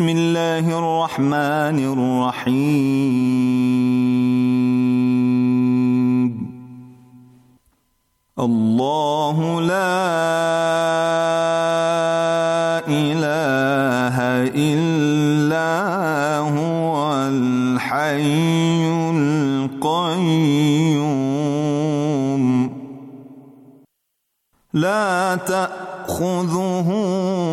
بسم الله الرحمن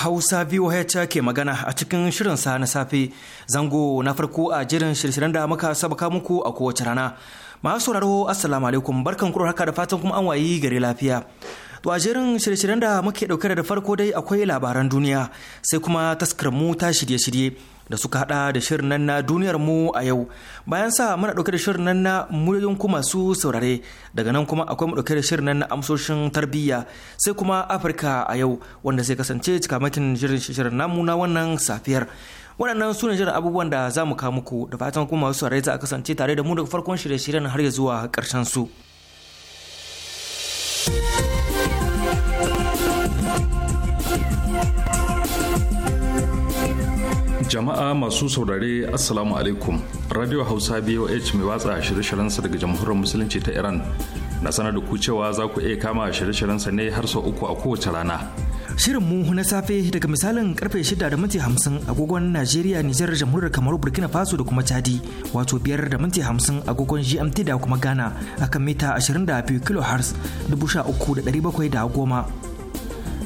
Hausa VOH ke magana a cikin shirin sa na safe zango na farko a jirin shirye da muka sabaka muku a kowace rana. Masu sauraro Assalamu alaikum barkan kuro haka da fatan kuma an wayi gari lafiya. To a jirin shirye da muke ɗauke da farko dai akwai labaran duniya sai kuma taskar mu ta shirye-shirye da suka hada da shirin nan na duniyar mu a yau bayan sa muna dauke da shirin nan na muryoyin kuma masu saurare daga nan kuma akwai mu dauke da shirin nan na amsoshin tarbiyya sai kuma afirka a yau wanda zai kasance cikamakin shirin shirin namu na wannan safiyar waɗannan su ne jiran abubuwan da za mu kawo muku da fatan kuma su saurare za a kasance tare da mu daga farkon shirye-shiryen har ya zuwa karshen su. jama'a masu saurare assalamu alaikum radio hausa boh mai watsa shirye shiryen sa daga jamhuriyar musulunci ta iran na sanar da ku cewa za ku iya kama shirye shiryen sa ne har sau uku a kowace rana shirin mu na safe daga misalin karfe shida da minti hamsin agogon najeriya nijar jamhuriyar kamaru burkina faso da kuma chadi wato biyar da minti hamsin agogon gmt da kuma ghana akan mita ashirin da 22 kilohertz goma.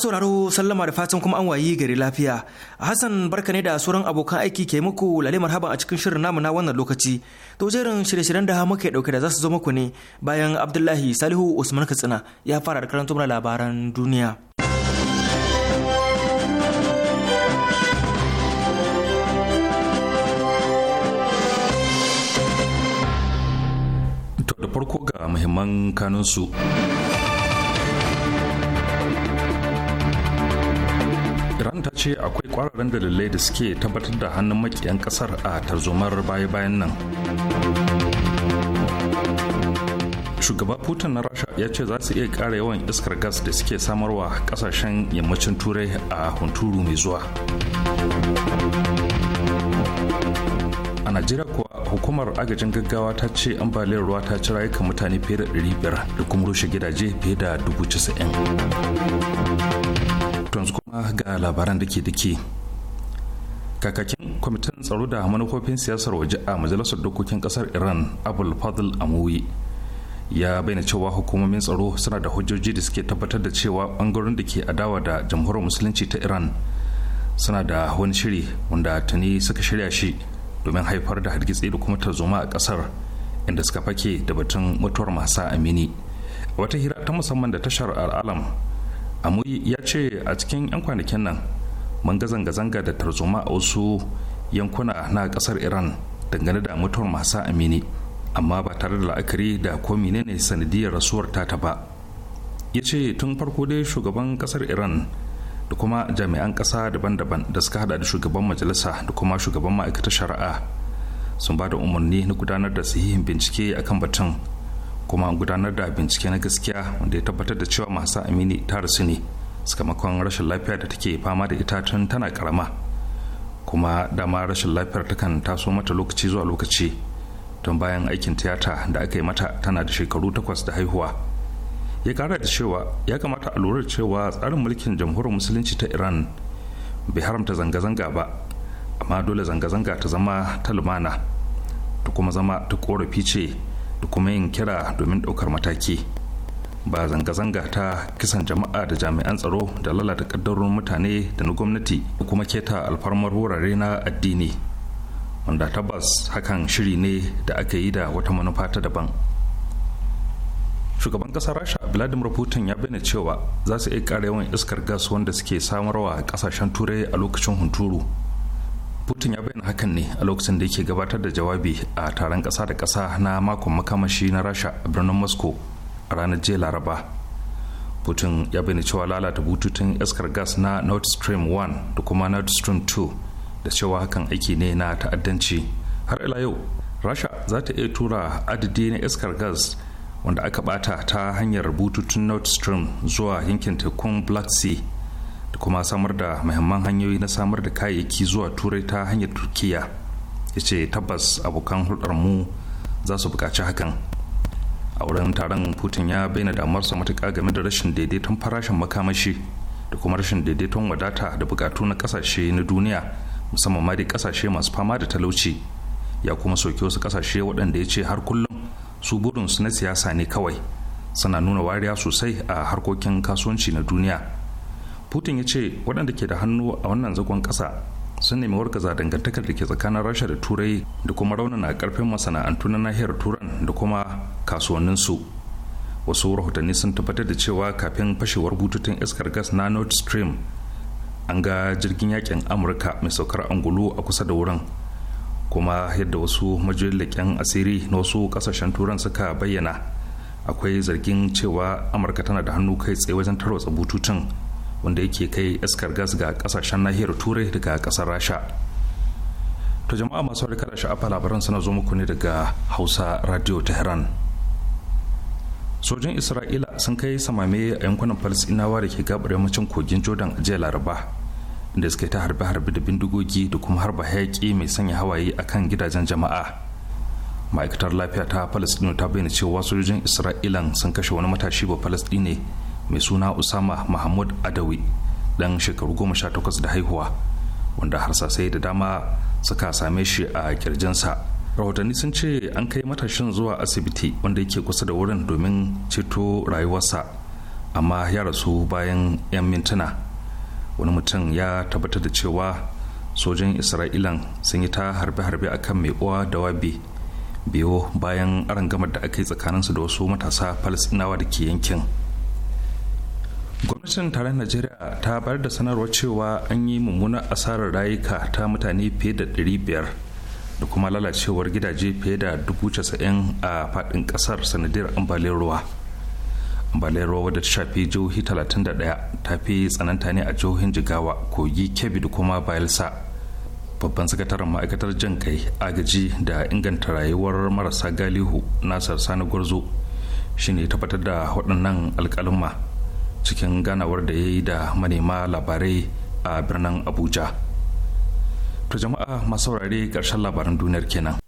sauraro sallama da fatan kuma an wayi gari lafiya hassan barka ne da sauran abokan aiki ke muku lale marhaban a cikin shirin namu na wannan lokaci to jerin shirye-shiryen da muke dauke da za su zo muku ne bayan abdullahi salihu usman katsina ya fara da karanto mana labaran duniya da farko ga muhimman kanunsu. iran ta ce akwai kwararren dalilai da suke tabbatar da hannun makiyan kasar a tarzomar baya-bayan nan shugaba putin na rasha ya ce za su iya ƙara yawan iskar gas da suke samarwa kasashen yammacin turai a hunturu mai zuwa a najeriya kuwa hukumar agajin gaggawa ta ce ambaliyar ruwa ta ci rayuka mutane fiye da 500 da kuma rushe gidaje fiye da 90,000. su kuma ga labaran da ke dake kakakin kwamitin tsaro da manufofin siyasar waje a majalisar dokokin kasar iran abul fadl amuyi ya bayyana cewa hukumomin tsaro suna da hujjoji da suke tabbatar da cewa bangaren da ke adawa da jamhuriyar musulunci ta iran suna da wani shiri wanda tuni suka shirya shi domin haifar da hargitsi da kuma tarzoma a kasar inda suka fake da batun mutuwar masa amini wata hira ta musamman da tashar al'alam amuri ya ce a cikin 'yan kwanakin nan mun ga zanga-zanga da tarzoma a wasu yankuna na kasar iran dangane da mutuwar masu amini amma ba tare da la'akari da ko ne sanadiyar rasuwar tata ba ya ce tun farko dai shugaban kasar iran da kuma jami'an ƙasa daban-daban da suka hada da shugaban majalisa da kuma shugaban ma'aikatar shari'a sun ba da umarni na gudanar da sahihin bincike akan batun kuma gudanar da bincike na gaskiya wanda ya tabbatar da cewa masu amini ta rasu ne sakamakon rashin lafiya da take fama da ita tun tana karama kuma dama rashin lafiyar takan taso mata lokaci zuwa lokaci don bayan aikin tiyata da aka yi mata tana da shekaru takwas da haihuwa ya kara da cewa ya kamata a lura cewa tsarin mulkin jamhuriyar musulunci ta iran bai haramta zanga-zanga ba amma dole zanga-zanga ta zama ta lumana ta kuma zama ta korafi ce da kuma yin kira domin ɗaukar mataki ba zanga-zanga ta kisan jama'a da jami'an tsaro da lalata ƙaddarorin mutane da na gwamnati da kuma keta alfarmar wurare na addini wanda tabbas hakan shiri ne da aka yi da wata manufa ta daban shugaban ƙasar rasha vladimir putin ya bayyana cewa za su iya ƙara yawan iskar gas wanda suke samarwa kasashen turai a lokacin hunturu putin ya bayyana hakan ne a lokacin da yake gabatar da jawabi a taron kasa da kasa na makon makamashi na rasha a birnin moscow a ranar jiya laraba putin ya bayyana cewa lalata bututun iskar gas na nord stream 1 da kuma nord stream 2 da cewa hakan aiki ne na ta'addanci har ila yau rasha za ta iya tura adadi na iskar gas wanda aka bata ta hanyar bututun nord stream zuwa yankin tekun black sea da kuma samar da mahimman hanyoyi na samar da kayayyaki zuwa turai ta hanyar turkiya ya ce tabbas abokan hulɗarmu za su buƙaci hakan a wurin taron putin ya bayyana damarsa matuƙa game da rashin daidaiton farashin makamashi da kuma rashin daidaiton wadata da buƙatu na ƙasashe na duniya musamman ma da ƙasashe masu fama da talauci ya kuma soke wasu ƙasashe waɗanda ya ce har kullum su burinsu na siyasa ne kawai suna nuna wariya sosai a harkokin kasuwanci na duniya putin ya ce waɗanda ke da hannu a wannan zagon ƙasa sun nemi warkaza dangantakar da ke tsakanin rasha da turai da kuma raunana ƙarfin masana'antu na nahiyar turan da kuma kasuwanninsu wasu rahotanni sun tabbatar da cewa kafin fashewar bututun iskar gas na nord stream an ga jirgin yakin amurka mai saukar angulu a kusa da wurin kuma yadda wasu majiyoyin asiri na wasu kasashen turan suka bayyana akwai zargin cewa amurka tana da hannu kai tsaye wajen tarwatsa bututun wanda yake kai iskar gas ga kasashen nahiyar turai daga kasar rasha to jama'a masu harika da sha'afa labaran suna zo muku ne daga hausa radio tehran sojin isra'ila sun kai samame a yankunan falisinawa da ke gabar yammacin kogin jordan a jiya laraba inda suka ta harbe-harbe da bindigogi da kuma harba hayaƙi mai sanya hawaye a kan gidajen jama'a ma'aikatar lafiya ta falisdino ta bayyana cewa sojojin isra'ilan sun kashe wani matashi ba palestine mai suna usama mahmud adawi dan shekaru goma sha takwas da haihuwa wanda harsasai da dama suka same shi a kirjinsa rahotanni sun ce an kai matashin zuwa asibiti wanda yake kusa da wurin domin ceto rayuwarsa amma ya rasu bayan 'yan mintuna wani mutum ya tabbatar da cewa sojan isra'ilan sun yi ta harbe-harbe akan mai uwa da wabi biyo bayan arangamar da aka yi tsakaninsu da wasu matasa falasinawa da ke yankin gwamnatin tarayyar najeriya ta bayar da sanarwar cewa an yi mummunan asarar rayuka ta mutane fiye da 500 da kuma lalacewar gidaje fiye da 90,000 a faɗin ƙasar sanadiyar ambaliyar ruwa ambaliyar ruwa wadda ta shafi jihohi 31 ta fi tsananta ne a jihohin jigawa kogi kebbi da kuma bayelsa babban sakataren ma'aikatar jan kai agaji da inganta rayuwar marasa galihu nasar sani gwarzo shine tabbatar da waɗannan alƙalumma cikin ganawar da ya yi da manema labarai a birnin abuja to jama'a masu saurare ƙarshen labaran duniyar kenan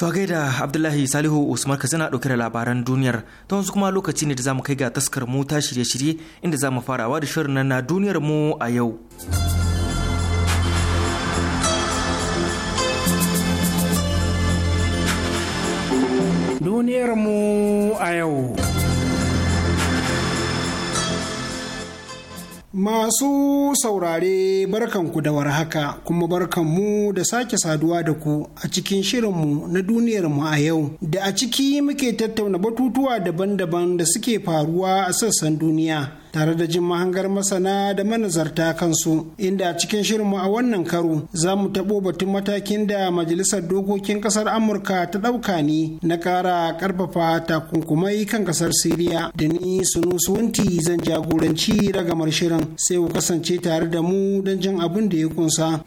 To gaida Abdullahi Salihu Usman ka zana ɗauke da labaran duniyar ta wasu kuma lokaci ne da zamu kai ga taskar mu ta shirye-shirye inda zamu farawa da shirin na duniyar mu a yau. duniyarmu a yau. Masu saurare barkan ku da warhaka kuma barkan mu da sake saduwa da ku a cikin shirinmu na duniyarmu a yau da a ciki muke tattauna batutuwa daban-daban da suke faruwa a sassan duniya tare da jin mahangar masana da manazarta kansu inda a cikin shirinmu a wannan karo za mu taɓo batun matakin da majalisar dokokin ƙasar amurka ta ɗauka ne na ƙara ƙarfafa takunkumai kan ƙasar siriya da ni suwanti zan jagoranci ragamar shirin sai ku kasance tare da mu don jin abin da ya kunsa.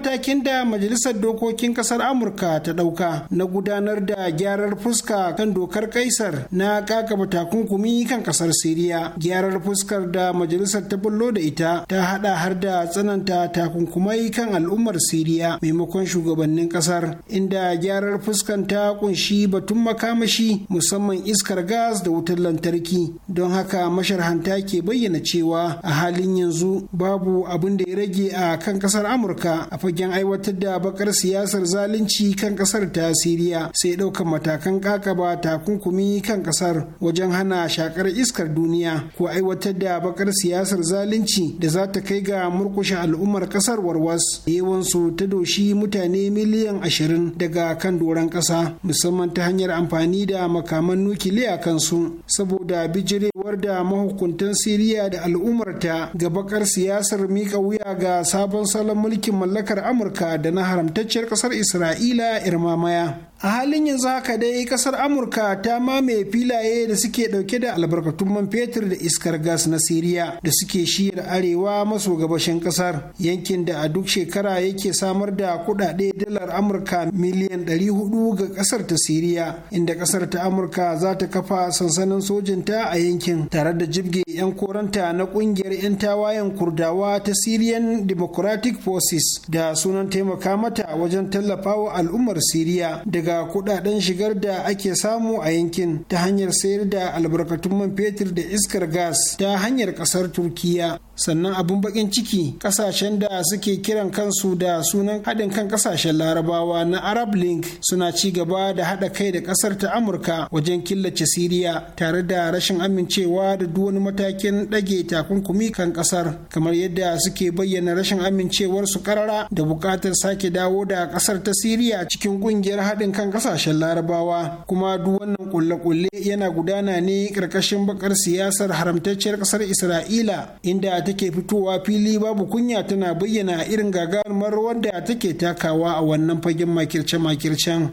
matakin da majalisar dokokin kasar amurka ta ɗauka na gudanar da gyarar fuska kan dokar kaisar na kakaba takunkumi kan kasar siriya gyarar fuskar da majalisar ta bullo da ita ta hada har da tsananta takunkumai kan al'ummar siriya maimakon shugabannin kasar inda gyarar fuskan ta kunshi batun makamashi musamman iskar gas da wutar lantarki don haka masharhanta ke bayyana cewa a halin yanzu babu abin da ya rage a kan kasar amurka a fagen aiwatar da bakar siyasar zalunci kan kasar ta siriya sai ɗaukar matakan kakaba takunkumi kan kasar wajen hana shakar iskar duniya ko aiwatar da bakar siyasar zalunci da za ta kai ga murkushe al'ummar kasar warwas yawansu ta doshi mutane miliyan ashirin daga kan doron ƙasa musamman ta hanyar amfani da makaman nukiliya kansu saboda bijirewar da mahukuntan siriya da al'ummarta ga bakar siyasar mika wuya ga sabon salon mulkin mallakar amurka da na haramtacciyar ƙasar isra'ila irmamaya a halin yanzu haka dai kasar amurka ta mamaye filaye da suke dauke da albarkatun man fetur da iskar gas na siriya da suke shiyar arewa maso gabashin kasar yankin da a duk shekara yake samar da kudade dalar amurka miliyan 400 ga kasar ta siriya inda kasar ta amurka za ta kafa sansanin sojinta a yankin tare da jibge 'yan koranta na kungiyar 'yan tawayen kurdawa ta syrian democratic forces da sunan taimaka mata wajen tallafawa al'ummar siriya daga ga kudaden shigar da ake samu a yankin ta hanyar sayar da albarkatun man fetur da iskar gas ta hanyar kasar turkiya sannan abin bakin ciki kasashen da suke kiran kansu da sunan haɗin kan kasashen larabawa na arab link suna ci gaba da haɗa kai da kasar ta amurka wajen killace siriya tare da rashin amincewa da duk wani matakin ɗage takunkumi kan kasar kamar yadda suke bayyana rashin amincewar su karara da buƙatar sake dawo da kasar ta siriya cikin ƙungiyar haɗin kan kasashen larabawa kuma duk wannan kulle-kulle yana gudana ne ƙarƙashin bakar siyasar haramtacciyar ƙasar isra'ila inda take fitowa fili babu kunya tana bayyana irin gagarumar da take takawa a wannan fagen makirce-makircen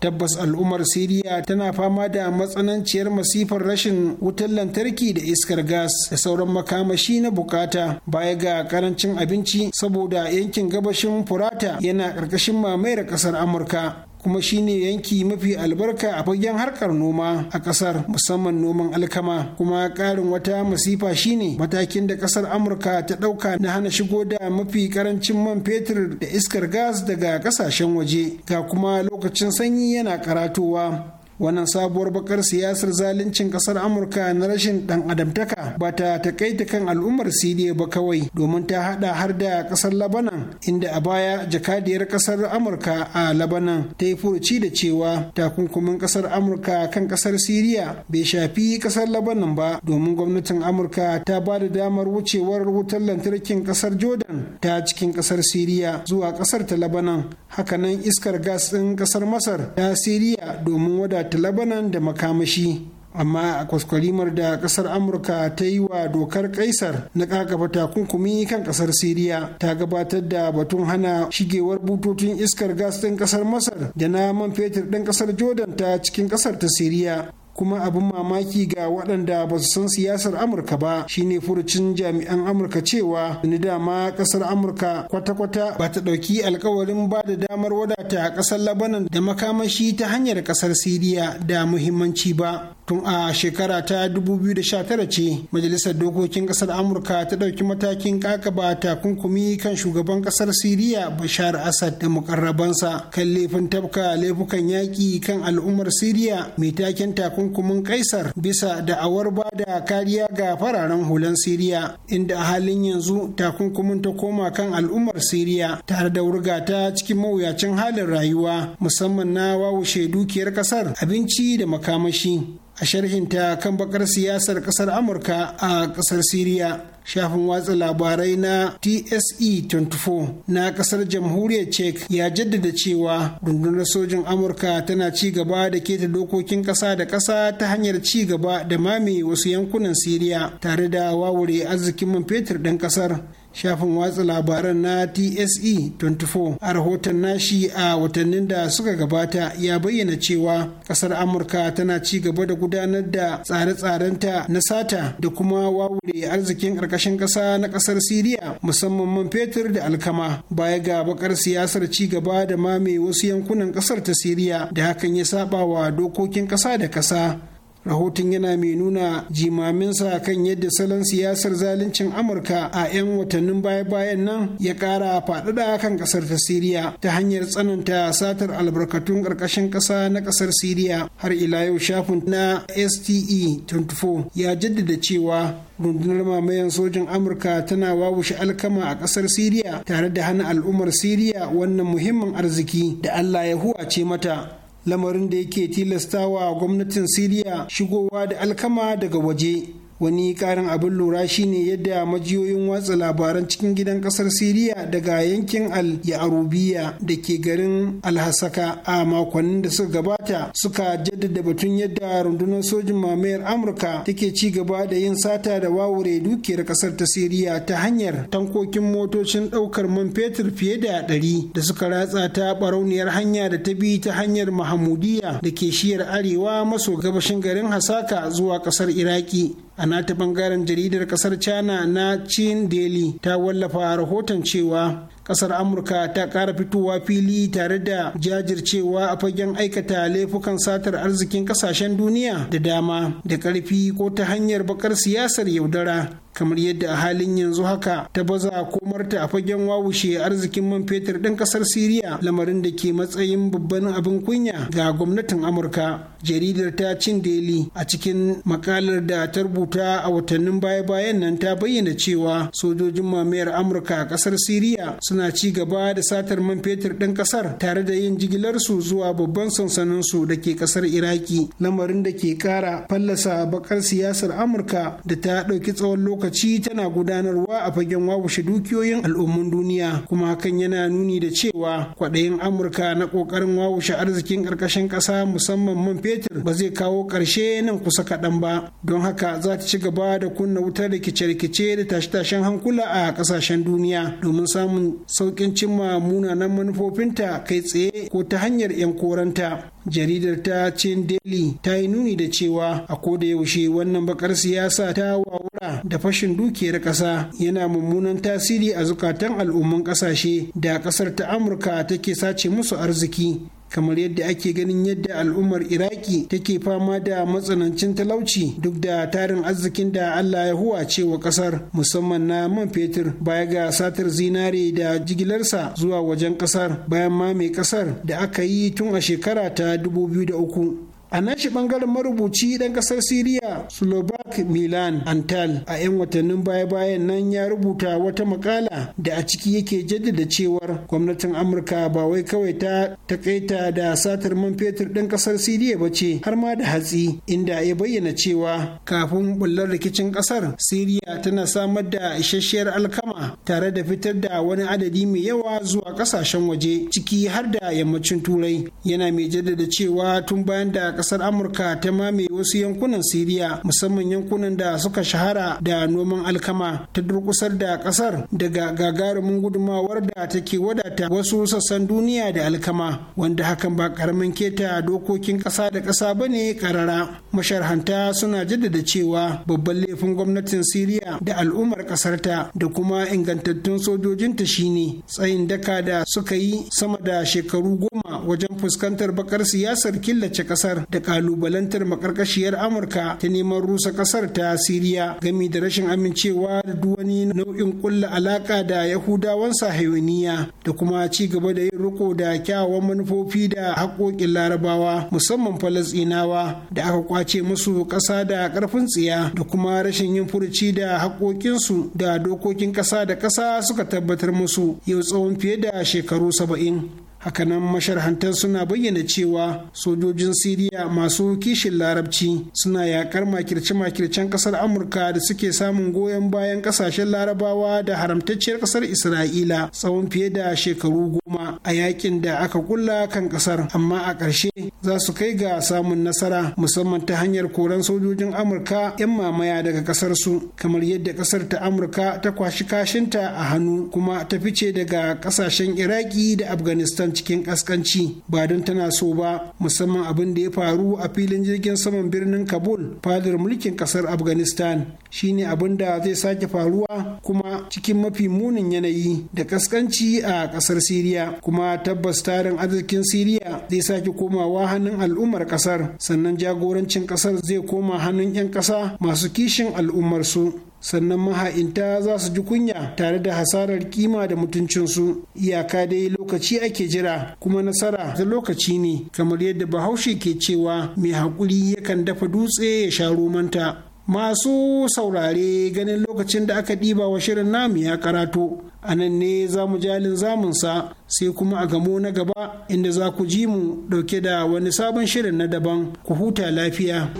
tabbas al'ummar siriya tana fama da matsananciyar masifar rashin wutar lantarki da iskar gas da sauran makamashi na bukata baya ga karancin abinci saboda yankin gabashin furata yana ƙarƙashin mamayar ƙasar amurka kuma shine yanki mafi albarka a fagen harkar noma a kasar musamman noman alkama kuma karin wata masifa shine matakin da kasar amurka ta dauka na hana shigo da mafi karancin man fetur da iskar gas daga kasashen waje ga kuma lokacin sanyi yana karatowa wannan sabuwar bakar siyasar zaluncin kasar amurka na rashin dan adamtaka ba ta takaita kan al'ummar siriya ba kawai domin ta hada har da kasar labanan inda a baya jakadiyar kasar amurka a labanan ta yi furuci da cewa takunkumin kasar amurka kan kasar siriya bai shafi kasar labanan ba domin gwamnatin amurka ta ba da damar wucewar wutar lantarkin kasar jordan ta cikin kasar siriya zuwa kasar ta labanan hakanan iskar gas ɗin kasar masar ta siriya domin wadata ta labanan da makamashi amma a kwaskwarimar da kasar amurka ta yi wa dokar kaisar na kakaba takunkumi kan kasar siriya ta gabatar da batun hana shigewar bututun iskar gas ɗin kasar masar da na man fetur ɗin kasar jordan ta cikin kasar ta siriya kuma abin mamaki ga waɗanda ba su san siyasar amurka ba shine furucin jami'an amurka cewa ni dama ƙasar amurka kwata-kwata ba ta ɗauki alkawarin ba da damar wadata a ƙasar labanan da makamashi ta hanyar ƙasar siriya da muhimmanci ba tun a shekara ta 2019 ce majalisar dokokin kasar amurka ta ɗauki matakin kakaba takunkumi kan shugaban kasar siriya bashar asad da mukarrabansa kan laifin tabka laifukan yaƙi kan al'ummar siriya mai taken takunkumin kaisar bisa da ba da kariya ga fararen hulan siriya inda a halin yanzu takunkumin ta koma kan al'ummar siriya tare da wurgata cikin mawuyacin halin rayuwa musamman na wawushe dukiyar kasar abinci da makamashi a sharhinta kan bakar siyasar kasar amurka a kasar siriya shafin watsa labarai na tse 24 na kasar jamhuriyar cek ya jaddada cewa rundunar sojin amurka tana ci gaba da keta dokokin kasa da kasa ta hanyar ci gaba da mame wasu yankunan siriya tare da wawure arzikin man fetur ɗan kasar shafin watsa labaran na tse 24 a rahoton nashi a watannin da suka gabata ya bayyana cewa kasar amurka tana ci gaba da gudanar da tsare-tsarenta na sata da kuma wawure arzikin ƙarƙashin ƙasa na ƙasar siriya musamman man fetur da alkama baya ga bakar siyasar ci gaba da mame wasu yankunan ƙasar ta siriya da hakan ya saba wa dokokin ƙasa da ƙasa rahoton yana mai nuna jimaminsa kan yadda salon siyasar zaluncin amurka a 'yan watannin baya-bayan nan ya kara faɗaɗa kan ƙasar ta siriya ta hanyar tsananta satar albarkatun ƙarƙashin ƙasa na ƙasar siriya har ila yau shafin na ste 24 ya jaddada cewa rundunar mamayan sojin amurka tana wawushe alkama a ƙasar siriya tare da hana al'ummar siriya wannan muhimmin arziki da allah ya huwace mata lamarin da yake tilastawa gwamnatin siriya shigowa da alkama daga waje wani karin abin lura shine yadda majiyoyin watsa labaran cikin gidan kasar siriya daga yankin al yarubiya da ke garin alhasaka a makonnin da suka gabata suka jaddada batun yadda rundunar sojin mamayar amurka take ci gaba da yin sata da wawure dukiyar kasar ta siriya ta hanyar tankokin motocin daukar man fetur fiye da ɗari da suka ratsa ta barauniyar hanya da ta bi ta hanyar mahamudiya da ke shiyar arewa maso gabashin garin hasaka zuwa kasar iraki a ta bangaren jaridar kasar china na chin daily ta wallafa rahoton cewa kasar amurka ta kara fitowa fili tare da jajircewa a fagen aikata laifukan satar arzikin kasashen duniya da dama da karfi ko ta hanyar bakar siyasar yaudara kamar yadda a halin yanzu haka ta baza komarta a fagen wawushe arzikin man fetur ɗin ƙasar siriya lamarin da ke matsayin babban abin kunya ga gwamnatin amurka jaridar ta cin daily a cikin makalar da ta rubuta a watannin baya-bayan nan ta bayyana cewa sojojin mamayar amurka a ƙasar siriya suna ci gaba da satar man fetur ɗin ƙasar tare da yin jigilarsu zuwa babban sansanin su da ke ƙasar iraki lamarin da ke ƙara fallasa bakar siyasar amurka da ta ɗauki tsawon lokaci lokaci tana gudanarwa a fagen wawashe dukiyoyin al'ummun duniya kuma hakan yana nuni da cewa kwaɗayin amurka na ƙoƙarin wawashe arzikin ƙarƙashin ƙasa musamman man fetur ba zai kawo ƙarshe nan kusa kaɗan ba don haka za ta ci gaba da kunna wutar rikice-rikice da tashe-tashen hankula a ƙasashen duniya domin samun sauƙin cimma munanan manufofinta kai tsaye ko ta hanyar 'yan koranta jaridar ta cin daily ta yi nuni da cewa a koda yaushe wannan bakar siyasa ta wawura da fashin dukiyar kasa yana mummunan tasiri a zukatan al'umman kasashe da kasar ta amurka take sace musu arziki kamar yadda ake ganin yadda al'ummar iraki take fama da matsanancin talauci duk da tarin arzikin da allah ya huwa cewa kasar musamman na man fetur baya ga satar zinare da jigilarsa zuwa wajen kasar bayan mame kasar da aka yi tun a shekara ta 2003 a nashi bangaren marubuci ɗan ƙasar siriya slovak milan antal a 'yan watannin baya-bayan nan ya rubuta wata makala da a ciki yake jaddada cewar gwamnatin amurka ba wai kawai ta takaita da satar man fetur ɗin ƙasar siriya ba ce har ma da hatsi inda ya bayyana cewa kafin bullar rikicin ƙasar, siriya tana samar da isasshiyar alkama tare da fitar da wani adadi mai yawa zuwa ƙasashen waje ciki har da yammacin turai yana mai jaddada cewa tun bayan da kasar amurka ta mame wasu yankunan siriya musamman yankunan da suka shahara da noman alkama ta durkusar da kasar daga gagarumin gudumawar da take wadata wasu sassan duniya da alkama wanda hakan ba karamin keta dokokin kasa da kasa ba ne karara masharhanta suna jaddada cewa babban laifin gwamnatin siriya da al'ummar kasarta da kuma ingantattun sojojinta shine tsayin daka da suka yi sama da shekaru goma wajen fuskantar bakar siyasar killace kasar da kalubalantar makarkashiyar amurka ta neman rusa kasar ta siriya gami da rashin amincewa da duk wani nau'in kulla alaka da yahudawan sahayoniya da kuma ci gaba da yin riko da kyawawan manufofi da haƙoƙin larabawa musamman falasinawa da aka kwace musu ƙasa da ƙarfin tsiya da kuma rashin yin furuci da haƙoƙinsu da dokokin ƙasa da ƙasa suka tabbatar musu yau tsawon fiye da shekaru saba'in hakanan masharhantar suna bayyana cewa sojojin siriya masu kishin larabci suna yakar makirce-makircen kasar amurka da suke samun goyon bayan kasashen larabawa da haramtacciyar kasar isra'ila tsawon fiye da shekaru goma a yakin da aka kulla kan kasar amma a ƙarshe za su kai ga samun nasara musamman ta hanyar koran sojojin amurka 'yan mamaya daga kasar su kamar yadda kasar ta amurka ta kwashi kashinta a hannu kuma ta fice daga kasashen iraki da afghanistan lamarin cikin kaskanci ba don tana so ba musamman abin da ya faru a filin jirgin saman birnin kabul fadar mulkin kasar afghanistan shine abin da zai sake faruwa kuma cikin mafi munin yanayi da kaskanci a kasar siriya kuma tabbas tarin arzikin siriya zai sake komawa hannun al'ummar kasar sannan jagorancin kasar zai koma hannun 'yan kasa masu kishin al'ummarsu sannan maha'inta za su ji kunya tare da hasarar kima da mutuncinsu iyaka dai lokaci ake jira kuma nasara ta lokaci ne kamar yadda bahaushe ke cewa mai haƙuri yakan dafa dutse ya sha romanta masu saurare ganin lokacin da aka ɗiba wa shirin namu ya karato a nan ne za mu jalin zamunsa sai kuma a gamo na gaba inda za ku ji mu ɗauke da wani sabon shirin na daban ku huta lafiya.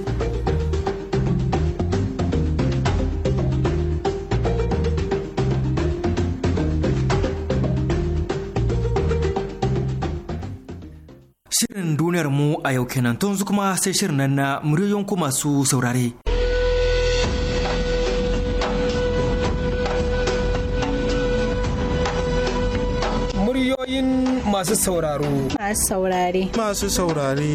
duniyar mu a yau kenan to yanzu kuma sai shirin nan na muryoyin ku masu saurare. Muryoyin masu sauraro. Masu saurare. Masu saurare.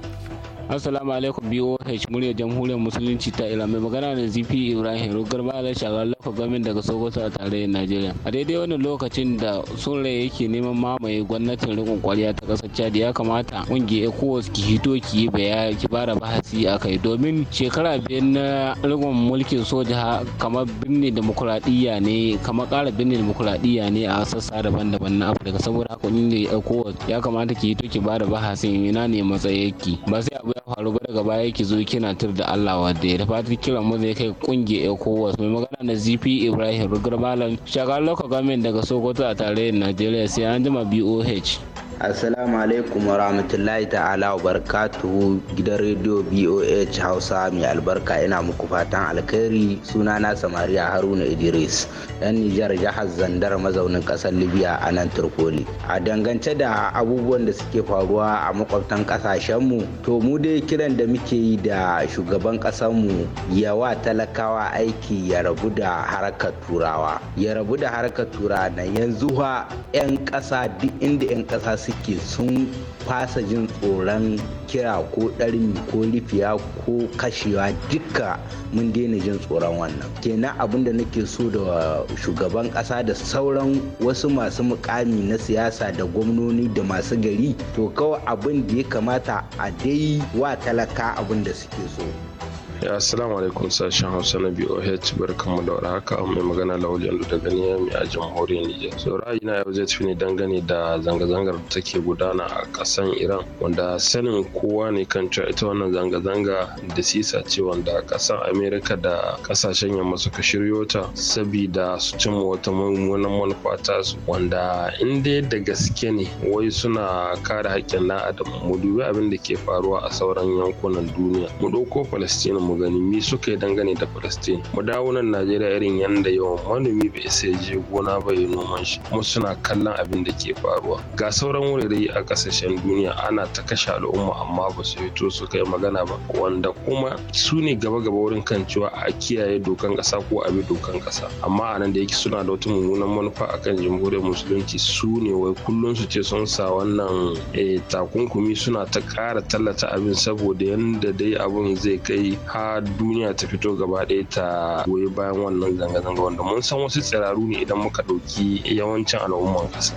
assalamu alaikum BOH muryar jamhuriyar musulunci ta Iran mai magana da ZP Ibrahim Rugar da Shagar Lafa Gamin daga Sokoto a tarayyar Najeriya a daidai wannan lokacin da sunrai yake neman mamaye gwamnatin rikon kwariya ta kasar Chad ya kamata kungiyar ECOWAS ki hito ki yi bayani ki bara bahasi a kai domin shekara biyar na rikon mulkin soja kamar binne demokuraɗiyya ne kamar ƙara binne demokuraɗiyya ne a sassa daban-daban na Afirka saboda haka kungiyar ECOWAS ya kamata ki hito ki bara bahasin ina ne matsayarki ba sai abu faru ba daga baya ki zo kina tur da Allah wadda ya fatan kiran mu zai kai kungiyar ECOWAS mai magana da ZP Ibrahim Rugar Malam shagar local government daga Sokoto a tarayyar Najeriya sai an jima BOH. Assalamu alaikum wa rahmatullahi ta'ala wa barakatuhu gidan rediyo BOH Hausa mai albarka ina muku fatan alkhairi sunana Samaria Haruna Idris. Yan Nijar jihar Zandar mazaunin ƙasar Libya a nan Turkoli. A dangance da abubuwan da suke faruwa a makwabtan ƙasashenmu, to mu dai kiran da muke yi da shugaban mu yawa talakawa aiki ya rabu da harkar turawa. Ya rabu da harkar turawa na yanzu ha 'yan ƙasa duk inda 'yan ƙasa suke sun fasa jin tsoron kira ko ɗarmi ko lifiya ko kashewa duka mun daina jin tsoron wannan kenan abin da nake so da shugaban ƙasa da sauran wasu masu mukami na siyasa da gwamnoni da masu gari to kawai abin da ya kamata a dai wa talaka abin da suke so Assalamu alaikum sashen Hausa na BOH barkanmu da haka mai magana da wuli yanzu daga Niyami a jamhuriyar Nijar. So na yau zai tafi ne dangane da zanga-zangar da take gudana a kasan Iran wanda sanin kowa ne kan cewa ita wannan zanga-zanga da sisa ce wanda kasan Amerika da kasashen yamma suka shiryo ta sabida su cimma wata mummunan manufa ta su wanda in dai da gaske ne wai suna kare haƙƙin na adam mu dubi abin da ke faruwa a sauran yankunan duniya mu ɗauko Palestina mu gani mi suka dangane da palestine mu dawo nan najeriya irin yanda yawan manomi bai isa je gona ba ya noman shi kuma suna kallon abin da ke faruwa ga sauran wurare a kasashen duniya ana ta kashe al'umma amma ba su fito su kai magana ba wanda kuma su ne gaba gaba wurin kan cewa a kiyaye dokan kasa ko a bi dokan kasa amma a nan da yake suna da wata mummunan manufa kan jamhuriyar musulunci su ne wai kullum su ce sun sa wannan eh, takunkumi suna ta kara tallata abin saboda yanda dai abun zai kai ha A duniya ta fito gaba ɗaya ta goyi bayan wannan zanga-zanga wanda mun san wasu tsiraru ne idan muka ɗauki yawancin al'umman ƙasa.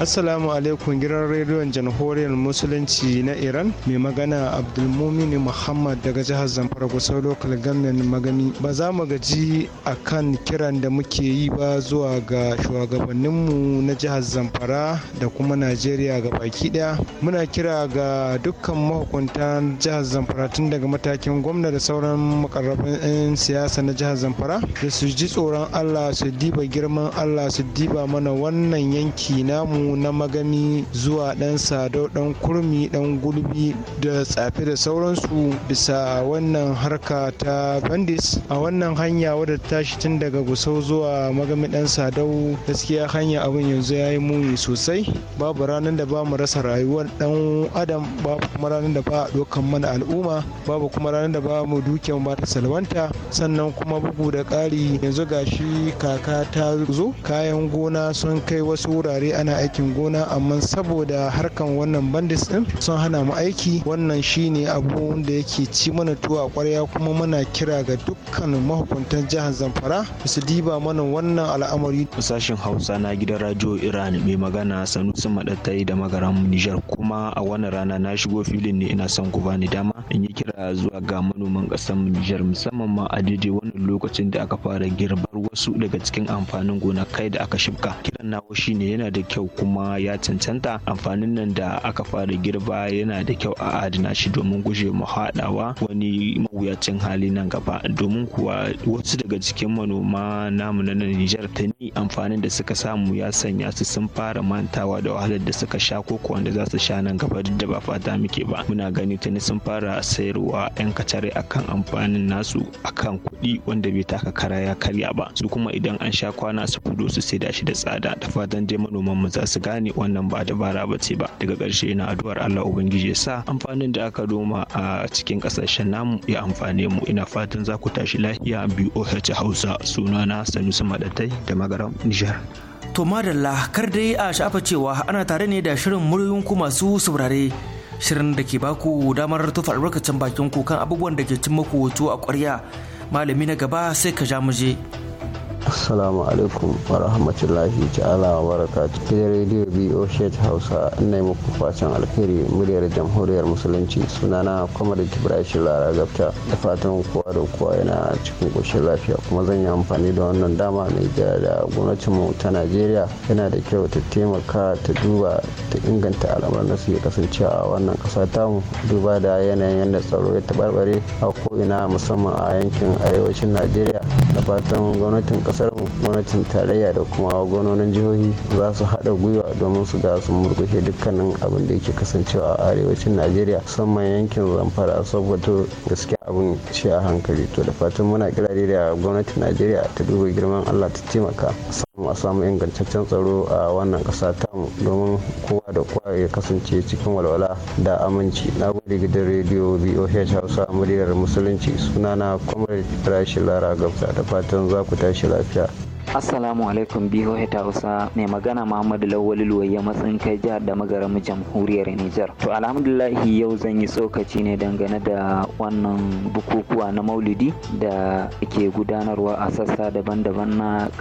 Assalamu alaikum gidan rediyon Janhoriyar musulunci na Iran mai magana Abdulmumini Muhammad daga jihar Zamfara kusa lokal gamin magani. Ba za mu gaji a kan kiran da muke yi ba zuwa ga shugabanninmu na jihar Zamfara da kuma Najeriya ga baki daya. Muna kira ga dukkan mahukuntan jihar Zamfara tun daga matakin gwamna da sauran makarrabin 'yan siyasa na jihar Zamfara da su ji tsoron Allah su diba girman Allah su diba mana wannan yanki namu na magani zuwa ɗan sadau ɗan kurmi dan gulbi da tsafi da sauransu bisa wannan harka ta bandis a wannan hanya wadda tashi tun daga gusau zuwa magami dan sadau gaskiya hanya abin yanzu ya yi muni sosai babu ranar da ba mu rasa rayuwar ɗan adam babu kuma ranar da ba a ɗaukan mana al'umma babu kuma ranar da ba mu dukiyar ba ta salwanta sannan kuma bugu da ƙari yanzu gashi kaka ta zo kayan gona sun kai wasu wurare ana aiki aikin gona amma saboda harkan wannan bandits din sun hana mu aiki wannan shine abu da yake ci mana tuwa kwarya kuma muna kira ga dukkan mahukuntan jihar zamfara su diba mana wannan al'amari sashin hausa na gidan radio iran mai magana sanusi madattai da magaran nijar kuma a wannan rana na shigo filin ne ina son ku bani dama in yi kira zuwa ga manoman kasan nijar musamman ma a daidai wannan lokacin da aka fara girbar wasu daga cikin amfanin gona kai da aka shibka kiran nawo shine yana da kyau kuma ya cancanta amfanin nan da aka fara girba yana da kyau a adana shi domin guje mu haɗawa wani mawuyacin hali nan gaba domin kuwa wasu daga cikin manoma namu na Nijar tani, amfanin da suka samu ya sanya su sun fara mantawa da wahalar da suka sha ko wanda za su sha nan gaba duk da ba fata muke ba muna gani tuni sun fara sayarwa yan kacare akan amfanin nasu akan kuɗi wanda bai taka kara ya karya ba su kuma idan an sha kwana su fudo su sai da shi da tsada da fatan dai manoman mu za su gane wannan ba dabara ba ce ba daga karshe na addu'ar Allah ubangiji ya sa amfanin da aka noma a cikin ƙasashen namu ya amfane mu ina fatan za ku tashi lafiya BOH Hausa sunana Sanusi Madatai da Magaram Nijar. To madalla kar dai a sha'afa cewa ana tare ne da shirin muryoyin ku masu saurare shirin da ke baku damar tufa albarkacin bakin ku kan abubuwan da ke cin muku a ƙwarya malami na gaba sai ka ja muje. assalamu alaikum wa rahmatullahi ta'ala wa barakatu ta rediyo bi oshet hausa na yi muku fatan alheri muryar jamhuriyar musulunci sunana kwamar tibirashi lara gafta da fatan kowa da kowa yana cikin ƙoshin lafiya kuma zan yi amfani da wannan dama mai gida da mu ta najeriya yana da kyau ta taimaka ta duba ta inganta al'amuran da suke kasancewa a wannan ƙasa tamu duba da yanayin yadda tsaro ya taɓarɓare a ko'ina musamman a yankin arewacin najeriya da fatan gwamnatin kasar gwamnatin tarayya da kuma gwamnonin jihohi za su haɗa gwiwa domin su ga su murkushe dukkanin abin da yake kasancewa a arewacin najeriya musamman yankin zamfara saboda gaskiya abin ce a hankali to da fatan muna kirari da gwamnatin najeriya ta duba girman allah ta taimaka a samu ingantaccen tsaro a wannan kasa tamu domin kowa da kowa ya kasance cikin walwala da aminci na gode gidan rediyo boh hausa muryar musulunci sunana comrade rashi lara gabta da fatan za ku tashi lafiya Assalamu alaikum biyu ta Hausa mai magana Muhammadu Lawali Luwayya matsayin kai jihar da magaramu jamhuriyar Nijar. To alhamdulillahi yau zan yi tsokaci ne dangane da wannan bukukuwa na Maulidi da ke gudanarwa a sassa daban-daban na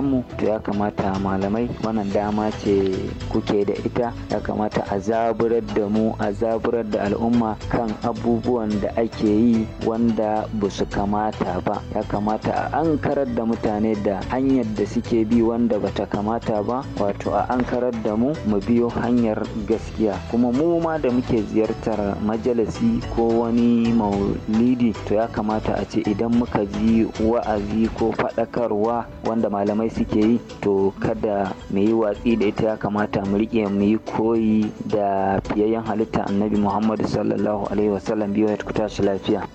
mu To ya kamata malamai wannan dama ce kuke da ita ya kamata a zaburar da mu a zaburar da al'umma kan abubuwan da ake yi wanda ba su kamata ba. Ya kamata a ankarar da mutane da hanyar hanyar da suke bi wanda bata kamata ba wato a ankarar da mu mu biyo hanyar gaskiya kuma mu ma da muke ziyartar majalisi ko wani maulidi to ya kamata a ce idan muka ji wa'azi ko faɗakarwa wanda malamai suke yi to kada mu yi watsi da ita ya kamata mu riƙe mu yi koyi da fiyayyen halitta annabi muhammadu sallallahu alaihi wasallam biyo ya tashi lafiya.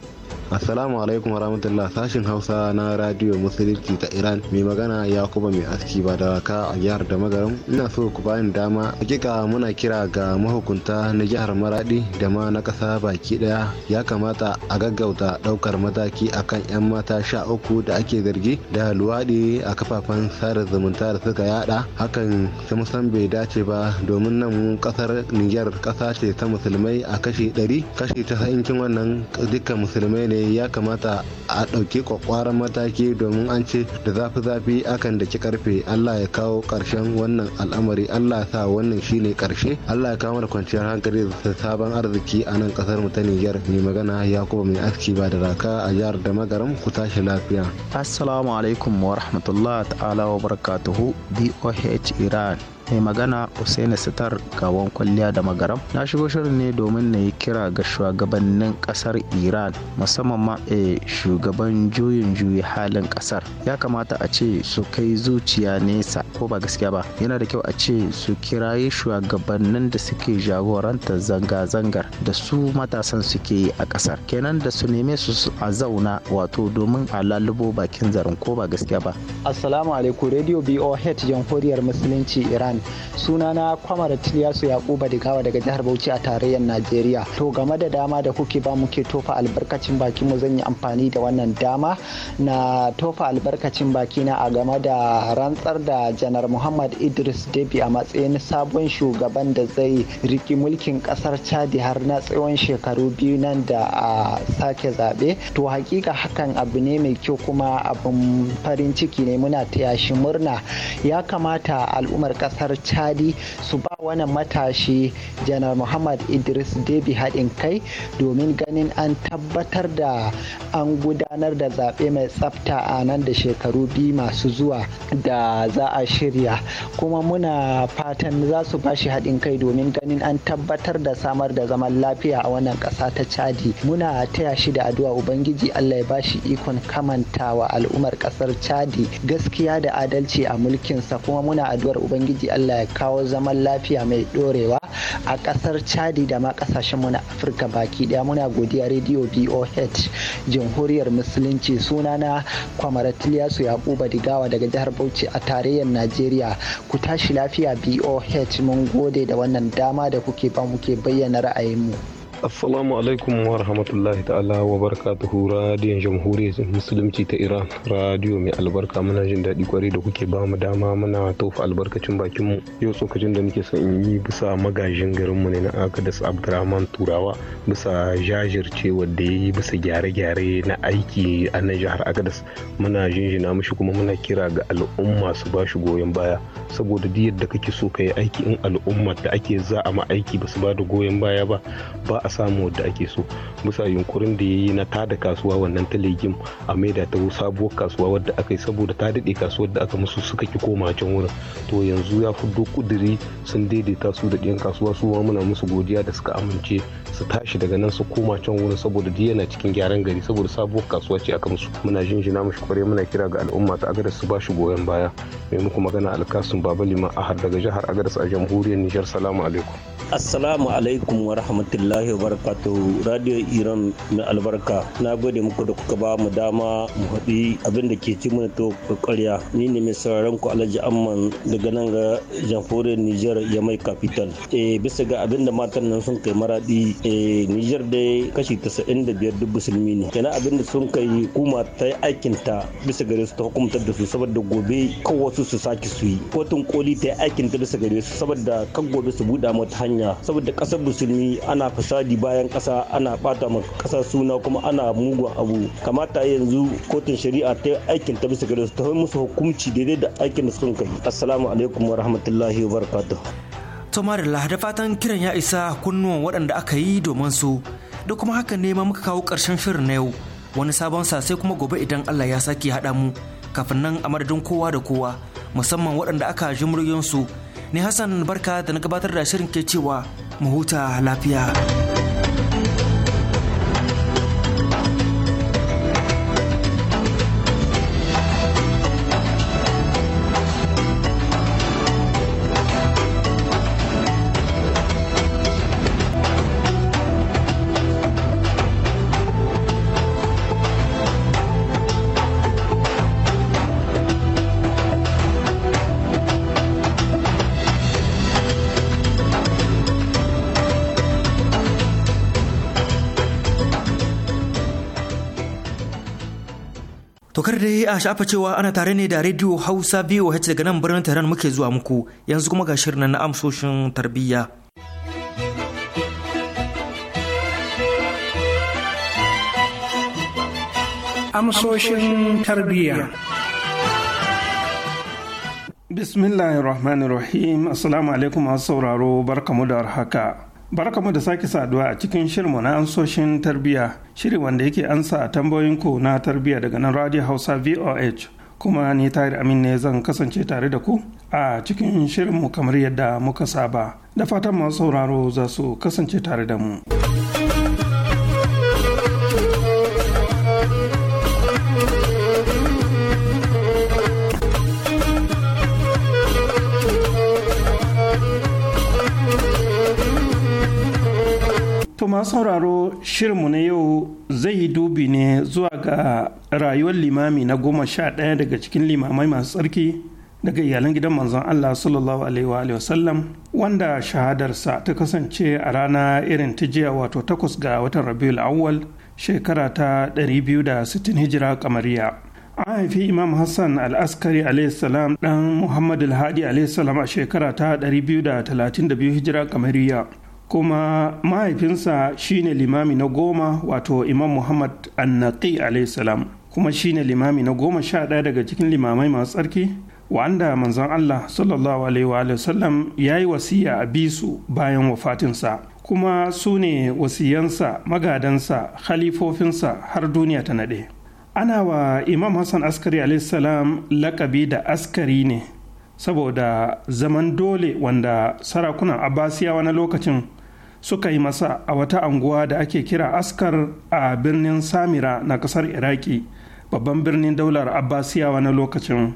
Assalamu alaikum warahmatullah sashin Hausa na Radio Musulunci ta Iran mai magana ya kuma mai aski ba da ka a jihar da magaram ina so ku bani dama hakika muna kira ga mahukunta na jihar Maradi da ma na ƙasa baki daya ya kamata a gaggauta ɗaukar mataki a kan 'yan mata sha uku da ake zargi da luwaɗi a kafafen sada zumunta da suka yada hakan su musan bai dace ba domin nan kasar Niger ƙasa ce ta musulmai a kashi 100 kashi 90 wannan dukkan musulmai ne ya kamata a ɗauki kwakwaran mataki domin an ce da zafi-zafi akan da ki karfe allah ya kawo ƙarshen wannan al'amari allah sa wannan shine ƙarshe allah ya kawo mana kwanciyar hankali da sabon arziki a nan ƙasar mu ta niger mai magana yakubu mai aski ba da raka a jihar da magaram ku tashi lafiya assalamu alaikum wa rahmatullah ta'ala wa barakatuhu boh iran mai magana Usaini Sitar gawan kwalliya da magaram. Na shigo shirin ne domin na yi kira ga shugabannin kasar Iran musamman ma a eh, shugaban juyin juyi halin kasar. Ya kamata a ce su kai zuciya nesa ko ba gaskiya ba. Yana da kyau a ce su kiraye shugabannin da suke jagoranta zanga-zangar da su matasan suke yi a kasar. Kenan da su neme su a zauna wato domin a lalubo bakin zaren ko ba gaskiya ba. Assalamu alaikum Radio BOH Jamhuriyar Musulunci Iran sunana kwamar tiliyasu yakuba digawa daga jihar bauchi a tarayyar najeriya to game da dama da kuke ba muke tofa albarkacin baki mu zan yi amfani da wannan dama na tofa albarkacin baki na a game da rantsar da janar muhammad idris debi a matsayin sabon shugaban da zai riki mulkin kasar chadi har na tsawon shekaru biyu nan da a sake zaɓe to hakika hakan abu ne mai kyau kuma abin farin ciki ne muna taya shi murna ya kamata al'ummar kasar kasar chadi su ba wani matashi janar muhammad idris debi haɗin kai domin ganin an tabbatar da an gudanar da zaɓe mai tsafta a nan da shekaru biyu masu zuwa da za a shirya kuma muna fatan za su ba haɗin kai domin ganin an tabbatar da samar da zaman lafiya a wannan ƙasa ta chadi muna taya shi da addu'a ubangiji allah ya ba shi ikon kamantawa al'ummar ƙasar chadi gaskiya da adalci a mulkinsa kuma muna addu'ar ubangiji Allah ya kawo zaman lafiya mai ɗorewa a ƙasar Chadi da ma ƙasashen mu na Afirka baki ɗaya muna godiya Radio BOH Jamhuriyar Musulunci sunana su Yakuba Digawa daga jihar Bauchi a tarayyar Najeriya ku tashi lafiya BOH mun gode da wannan dama da kuke ba muke bayyana ra'ayinmu. mu. Assalamu alaikum wa rahmatullahi ta'ala wa barakatuhu radiyon jamhuriyar musulunci ta Iran radiyo mai albarka muna jin daɗi kwarai da kuke ba mu dama muna tofa albarkacin bakinmu yau tsokacin da nake son in yi bisa magajin garinmu ne na Akadas Abdurrahman Turawa bisa jajircewa da ya yi bisa gyare-gyare na aiki a nan jihar Akadas muna jinjina mishi kuma muna kira ga al'umma su ba shi goyon baya saboda duk yadda kake so ka yi aiki in al'umma da ake za a ma aiki ba su ba da goyon baya ba ba a samu wadda ake so bisa yunkurin da ya yi na tada kasuwa wannan ta legim a maida ta sabuwar kasuwa wadda aka yi saboda ta daɗe kasuwar da aka musu suka ki koma can wurin to yanzu ya duk kuduri sun daidaita su da ɗiyan kasuwa su ma muna musu godiya da suka amince su tashi daga nan su koma can wurin saboda duk yana cikin gyaran gari saboda sabuwar kasuwa ce aka musu muna jinjina mushi kware muna kira ga al'umma ta agadar su bashi goyon baya mai muku magana alkasun baba liman ahar daga jihar agadar a jamhuriyar nijar salamu alaikum assalamu alaikum wa rahmatullahi wa barakatuhu radio iran mai albarka na gode muku da kuka ba mu dama mu haɗi abin da ke ci mana to ƙwarya ni ne mai sauraron ku alhaji amman daga nan ga jamhuriyar nijar ya mai capital eh bisa ga abin da matan nan sun kai maraɗi Eh, Nijar dai kashi 95 duk musulmi ne kenan abin da sun kai hukuma ta yi aikin ta bisa gare su ta hukumtar da su saboda gobe kan wasu su saki su yi kotun koli ta yi aikin ta bisa gare su saboda kan gobe su buɗa mata hanya saboda ƙasar musulmi ana fasadi bayan ƙasa ana ɓata ma ƙasa suna kuma ana mugun abu kamata yanzu kotun shari'a ta yi aikin ta bisa gare su ta musu hukunci daidai da aikin da sun kai assalamu alaikum wa rahmatullahi wa barakatuh Tomarilla da fatan kiran ya isa kunnuwan waɗanda aka yi domin su da kuma haka ne ma muka kawo ƙarshen shirin na yau wani sabon sa sai kuma gobe idan Allah ya sake haɗa mu kafin nan a madadin kowa da kowa musamman waɗanda aka ji muryoyinsu ne Hassan barka da na gabatar da shirin ke cewa mu huta lafiya. dai a shafa cewa ana tare ne da Radio Hausa BOH daga nan birnin Tehran muke zuwa muku yanzu kuma ga shirin na amsoshin tarbiyya. Amsoshin tarbiyya. Bismillahirrahmanirrahim Assalamu alaikum masu sauraro barkamu da haka. Barkamu da sake saduwa a cikin mu na ansoshin tarbiyya shiri wanda yake ansa a tambayoyin ku na tarbiyya daga nan Radio Hausa VOH kuma ni Tahir Amin ne zan kasance tare da ku a cikin shirinmu kamar yadda muka saba da fatan masu sauraro za su kasance tare da mu. Ma sauraro shirinmu na yau zai yi dubi ne zuwa ga rayuwar limami na goma sha ɗaya daga cikin limamai masu tsarki daga iyalan gidan manzon Allah sallallahu alaihi wa wanda shahadarsa ta kasance a rana irin ta jiya wato takwas ga watan Rabiul Awwal shekara ta 260 hijira kamariya. An haifi Imam Hassan al-Askari alaihi salam dan Muhammad al-Hadi alaihi salam a shekara ta 232 hijira kamariya. kuma mahaifinsa shine limami na goma wato imam muhammad annaqi salam kuma shine limami na goma sha ɗaya daga cikin limamai masu tsarki wanda manzon allah sallallahu alaihi wa sallam ya yi wasiya a bisu bayan wafatinsa kuma su ne wasiyansa magadansa khalifofinsa har duniya ta naɗe ana wa imam hassan askari salam lakabi da askari ne saboda zaman dole wanda sarakunan abbasiyawa na lokacin suka yi masa a wata anguwa da ake kira askar a birnin samira na kasar iraki babban birnin daular abbasiyawa na lokacin